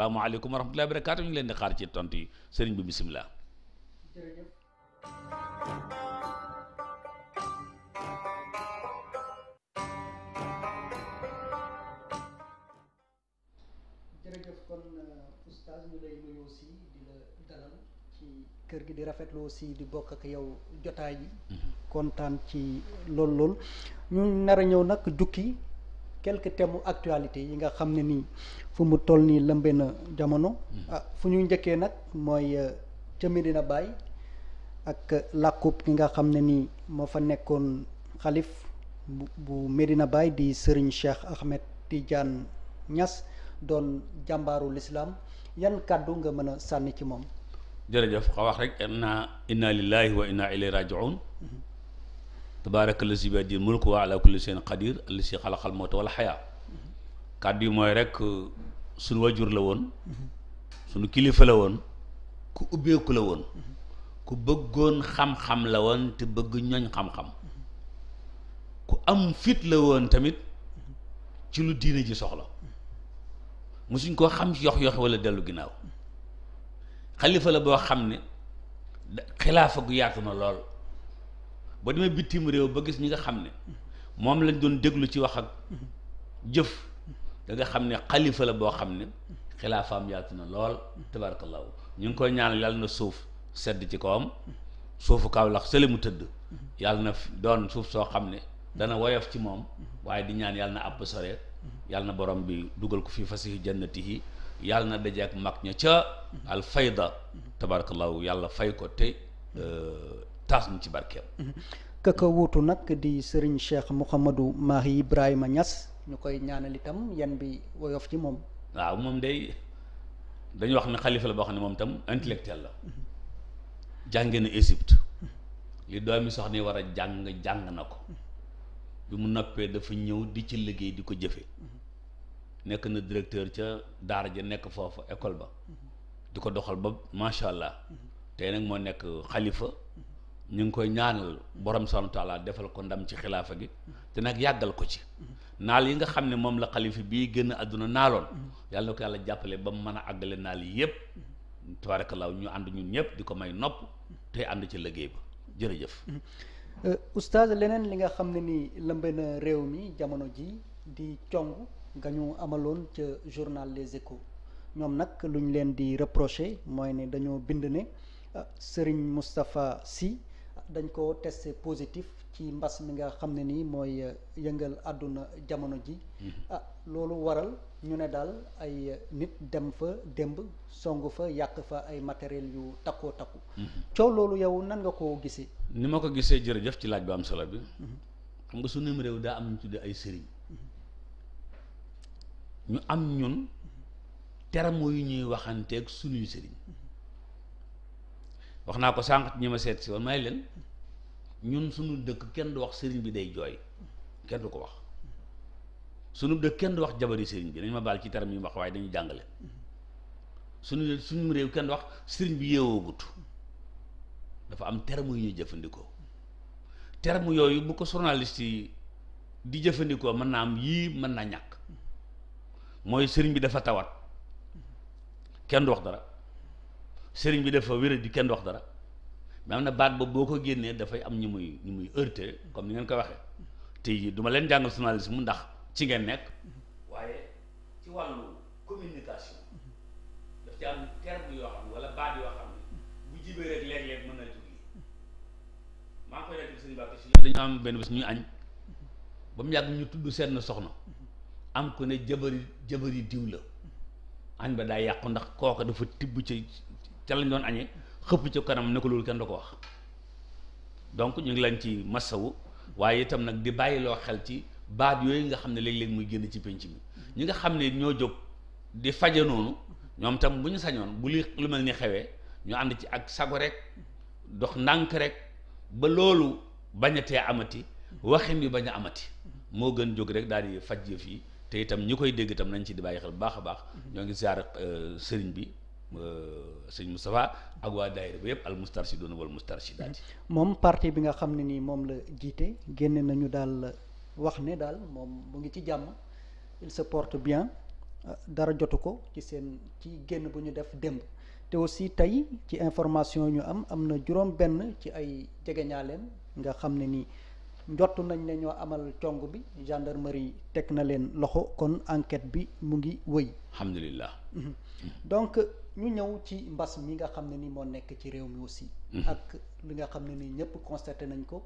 salaamaaleykum wa rahmatullahi barakaatu ñu leen di xaar ci tontu yi sëriñ bi bisimilah. Euh, ci kër gi di rafetlu aussi di bokk ak yow jotaay yi mm-hmm. kontaan ci lool lool ñu nar ñëw nag jukki quelques temu actualité yi nga xam ne nii fu mu toll nii lëmbe na jamono hmm. ah, fu ñuy njëkkee nag mooy euh, ca Medina Baye ak euh, làkkub ki nga xam ne nii moo fa nekkoon xalif bu bu Medina Baye di sëriñ Cheikh Ahmed Tidiane ñas doon jàmbaaru lislaam yan kàddu nga mën a sànni ci moom jërëjëf xa wax rek inna inna lillahi wa inna ilayhi raji'un hmm. tabaaraka lazi bi yadihil mulku wa ala kulli shay'in qadir allazi xalaqal mawta wal xayaa kàddu yi mooy rek suñu wajur la woon suñu kilifa la woon ku ubbeeku la woon ku bëggoon xam-xam la woon te bëgg ñoñ xam-xam ku am fit la woon tamit ci lu diine ji soxla suñ koo xam ci yox yox wala dellu ginnaaw xalifa la boo xam ne xilaafa gu yaatu na lool ba demee bitim réew ba gis ñi nga xam ne moom lañ doon déglu ci wax ak jëf danga xam ne xalifa la boo xam ne xilaafaam yaatu na lool tabaarakallaahu ñu ngi koy ñaan yàlla na suuf sedd ci kawam suufu kawlax sële mu tëdd yàlla na doon suuf soo xam ne dana woyof ci moom waaye di ñaan yàlla na àpp sore yàlla na borom bi dugal ko fii fasihi jannatihi yàlla na dajeek mag ña ca al fayda tabaarakallaahu yàlla fay ko te euh, taas ñu ci barkeem. kaka mhm. wuutu nag di Serigne Cheikh Mouhamadou Mahi Ibrahima ñas ñu koy ñaanal itam yan bi woyof ci moom. waaw moom day dañu wax ne xalifa la boo xam ne moom itam intellectuel la mhm. jànge na Égypte mhm. li doomi soxna yi war a jàng jàng na ko bi mu noppee dafa ñëw di ci liggéey di ko jëfe nekk na directeur ca daara ja nekk foofu école ba di ko doxal ba macha allah te nag moo nekk xalifa. ñu ngi koy ñaanal borom subhaanahu wa taala defal ko ndam ci xilaafa gi te nag yàggal ko ci naal yi nga xam ne moom la xalifa bii génn àdduna naaloon yàlla na ko yàlla jàppale ba mu mën a àggale naal yi yëpp tabaarakallaa ñu ànd ñun ñëpp di ko may nopp te ànd ci liggéey ba jërëjëf euh, oustaz leneen li nga xam ne ni lëmbe na réew mi jamono ji di cong nga ñu amaloon ca journal Les ñoom nag lu ñu leen di reprocher mooy ne dañoo bind ne euh, sëriñ Moustapha si dañ ko testé positif ci mbas mi nga xam ne nii mooy euh, yëngal àdduna jamono ji mm-hmm. ah loolu waral ñu ne daal ay nit dem fa démb song fa yàq fa ay matériel yu takkoo takku mm-hmm. coow loolu yow nan nga ko gisee ni ma ko gisee jërëjëf ci laaj bu am solo bi mm-hmm. xam nga sunu réew daa am ñu tuddee ay sëriñ ñu am ñun terme yu ñuy waxanteeg sunuy sëriñ wax naa ko sànq ñi ma seet si woon may leen ñun suñu dëkk kenn du wax sëriñ bi day jooy kenn du ko wax suñu dëkk kenn du wax jabari sëriñ bi dañ ma baal ci terme yi ma wax waaye dañu jàngale suñu suñu réew kenn du wax sëriñ bi yeewoo gut dafa am terme yu ñu jëfandikoo terme yooyu bu ko journaliste yi di jëfandikoo mën naa am yii mën naa ñàkk mooy sëriñ bi dafa tawat kenn du wax dara sëriñ bi dafa wéra di kenn wax dara mais am na baat boobu boo ko génnee dafay am ñi muy ñu muy comme ni ngeen ko waxee te duma leen jàngal journalisme ndax ci ngeen nekk waaye ci wàllu communication daf ci am na jógee benn bés ñuy añ ba mu yàgg ñu tudd seen soxna am ku ne jabari jabari diw la añ ba daa yàqu ndax kooka dafa tibb ci ca lañ doon añee xëpp ci kanam ne ko loolu kenn du ko wax donc ñu ngi lañ ci massawu waaye itam nag di bàyyi loo xel ci baat yooyu nga xam ne léegi léeg muy génn ci penc mi ñi nga xam ne ñoo jóg di faje noonu ñoom tam bu ñu sañoon bu li lu mel ni xewee ñu ànd ci ak sago rek dox ndànk rek ba loolu bañ a tee amati waxin yu bañ a amati moo gën jóg rek daal di faj yëf yi te itam ñi koy dégg itam nañ ci di bàyyi xel bu baax a baax ñoo ngi ziar euh, sëriñ bi Euh, sëñ Moustapha ak waa daayira ba yëpp al mustarshiduna wal mustarshidaati moom partie bi nga xam ne nii moom la jiite génne nañu daal wax ne daal moom mu ngi ci jàmm il se porte bien dara jotu ko ci seen ci génn bu ñu def démb te aussi tey ci information ñu am am na juróom benn ci ay jegeñaaleem nga xam ne nii njott nañ ne ñoo amal cong bi gendarmerie teg na leen loxo kon enquête bi mu ngi wëy alhamdulilah mhm. donc ñu ñëw ci mbas mi nga xam ne ni moo nekk ci réew mi aussi mhm. ak li nga xam ne ni ñëpp constaté nañ ko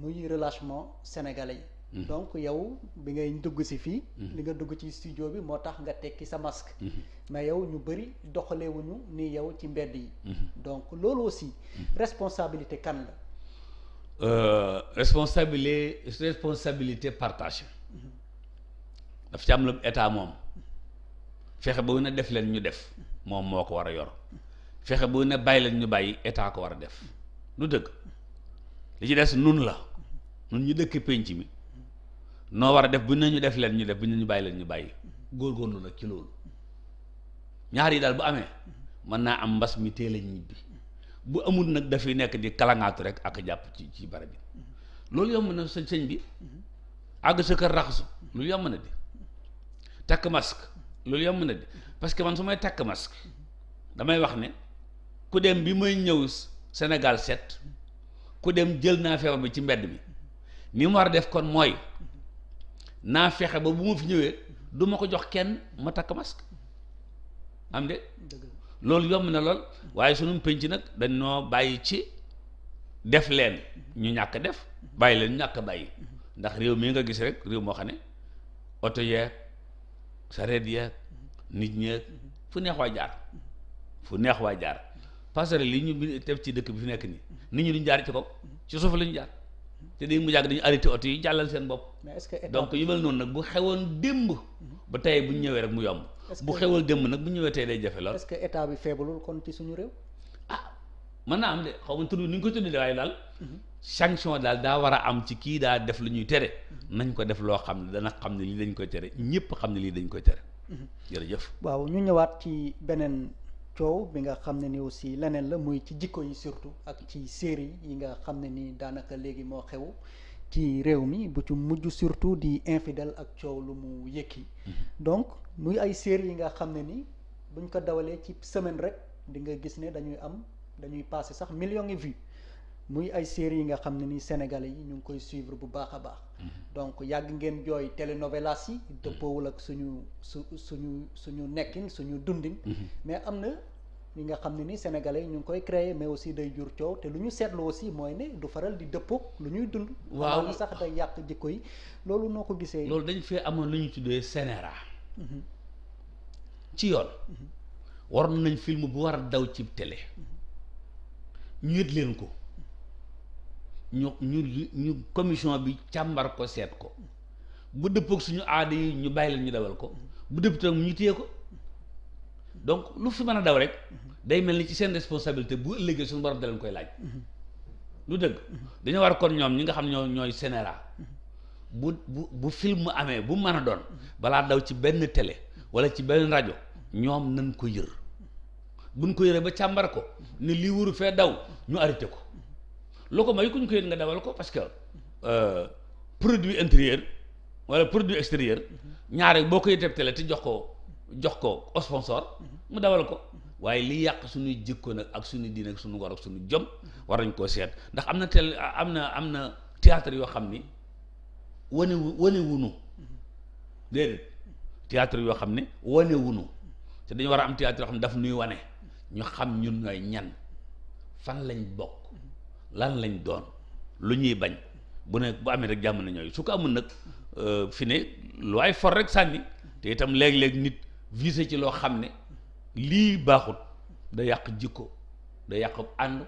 muy relâchement sénégalais yi mhm. donc yow bi ngay dugg si fii li nga dugg ci studio bi moo tax nga tekki sa masque mais yow ñu bëri doxalewuñu ni yow ci mbedd yi donc loolu aussi responsabilité kan la euh, responsabilité responsabilité partagée daf ci am lu état moom fexe ba ne def leen ñu def moom moo ko war a yor fexe ba ne bàyyi leen ñu bàyyi état ko war a def lu dëkk li ci des nun la nun ñu dëkk penc mi noo war a def bu ne ñu def leen ñu def bu ne ñu bàyyi leen ñu bàyyi góorgóorlu nag ci loolu ñaar yi daal bu amee mën naa am mbas mi teel a ñibbi bu amul nag dafay nekk di kalangaatu rek ak jàpp ci ci barab loolu yomb na sa sëñ bi àgg sa kër raxasu loolu yomb na di takk masque loolu yomb na di parce que man su may takk masque damay wax ne ku dem bi may ñëw senegal set ku dem jël naa feebar bi ci mbedd mi ni mu war a def kon mooy naa fexe ba bu ma fi ñëwee duma ko jox kenn ma takk masque am de loolu yomb na lool waaye sunu penc nag dañ noo bàyyi ci def leen ñu ñàkk def bàyyi leen ñu ñàkk bàyyi ndax réew mii nga gis rek réew moo xam ne oto yeeg sareet yeeg nit ñeeg fu neex waa jaar fu neex waa jaar parce que li ñu def ci dëkk bi fu nekk nii nit ñu duñ jaar ci kaw ci suuf la ñu jaar te dañ mu jàgg dañu arrêté oto yi jàllal seen bopp donc yu mel noonu nag bu xewoon démb ba tey bu ñu ñëwee rek mu yomb bu xewal démb nag bu ñëwee tey day jafe lool. est-ce que état bi feebalul kon ci suñu réew. ah mën naa am de xaw ma tudd ni ñu ko tuddee waaye daal. sanction daal daa war a am ci kii daa def lu ñuy tere. nañ ko def loo xam ne dana xam ne lii dañ koy tere ñëpp xam ne lii dañ koy tere. jërëjëf waaw ñu ñëwaat ci beneen coow bi nga xam ne ni aussi leneen la muy ci jikko yi surtout ak ci série yi nga xam ne ni daanaka léegi moo xew ci réew mi bu ci mujj surtout di infidèle ak coow lu mu yëkki mhm. donc muy ay série yi nga xam ne ni buñ ko dawalee ci semaine rek di nga gis ne dañuy am dañuy passé sax millions de vues muy ay série yi nga xam ne ni sénégalais yi ñu ngi koy suivre bu baax a baax mhm. donc yàgg ngeen jooy télénovelas yi mhm. dëppoowul ak suñu su suñu suñu nekkin suñu dundin mais am na yi nga xam ne ni sénégalais yi ñu ngi koy créer mais aussi day jur coow te lu ñu seetlu aussi mooy ne du faral di dëppook lu ñuy dund. waaw na sax day yàq jikko yi loolu noo ko gisee. loolu dañ fee amoon lu ñu tuddee sénéra. Mhm. ci yoon. Mhm. waroon nañ film bu war a daw ci télé. Mhm. ñu yët leen ko. ñu ñu ñu commission bi càmbar ko seet ko. bu dëppoog suñu aada yi ñu bàyyi leen ñu dawal ko. bu dëpp tam ñu téye ko. donc lu fi mën a daw rek mhm. day mel ni ci seen responsabilité bu ëllëgee suñu borom da leen koy laaj mhm. lu dëgg mhm. dañoo war kon ñoom ñi nga xam ñoo ñooy sénéra bu bu bu film amee bu mën a doon balaa daw ci benn télé wala ci benn rajo ñoom nañ ko yër buñ ko yëree ba càmbar ko ni lii wuru fee daw ñu arrêté ko loo ko may ku ñu ko yër nga dawal ko parce que euh, produit intérieur wala produit extérieur ñaare boo koy teb télé te jox ko jox ko sponsor mhm. mu dawal ko mhm. waaye li yàq suñuy jikko nag ak suñu diin ak suñu ngor ak suñu jom war nañ koo seet ndax am na tel am na am na théâtre yoo xam ni wane wane wunu mhm. yoo xam ne wane te dañu war a am théâtre yoo xam ne daf nuy wane ñu xam ñun ñooy ñan fan lañ bokk lan lañ doon lu ñuy bañ bu nekk bu amee rek jàmm na ñooy su ko amul nag euh, fi ne lu ay for rek sànni te itam léeg-léeg nit visé ci loo xam ne lii baaxut da yàq jikko da yàq ànd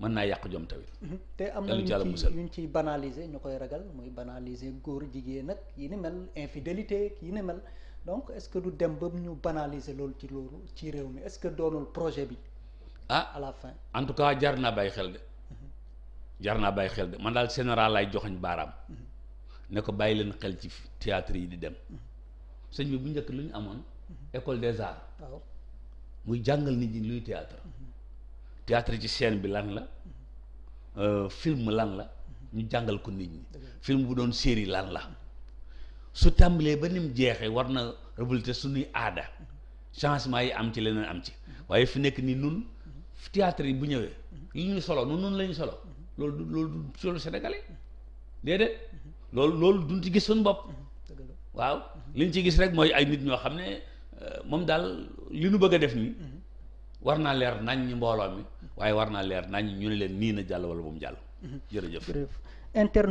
mën naa yàq jom tamit. Mhm. te am na ñu ci ñu ciy banaliser ñu koy ragal muy banaliser góor jigéen nag yi ni mel infidélité yi ni mel donc est-ce que du dem ba mu ñu banaliser loolu ci loolu ci réew mi est-ce que doonul projet bi. ah à en tout cas jar naa bàyyi xel de. Mhm. jar naa bàyyi xel de man daal général lay joxañ baaraam. Mhm. ne ko bàyyi leen xel ci théâtre yi di dem. sëñ bi bu njëkk lu ñu amoon. Mm-hmm. école des arts. muy jàngal nit ñi luy théâtre mm-hmm. théâtre ci scène bi lan la mm-hmm. euh, film lan la ñu jàngal ko nit ñi film bu doon série lan la su tàmbalee ba ni mu jeexee war na révolter suñuy aada changement yi am ci leneen am ci waaye fi nekk ni nun théâtre yi bu ñëwee li ñu solo nun nun la solo loolu du loolu du solo sénégalais déedéet loolu loolu duñ ci gis suñu bopp waaw liñ ci gis rek mooy ay nit ñoo xam ne moom daal li nu bëgg a def nii mhm. war naa leer nañ ñi mbooloo mi waaye war naa leer nañ ñu ne leen nii na jàll wala bu mu jàll jërëjëf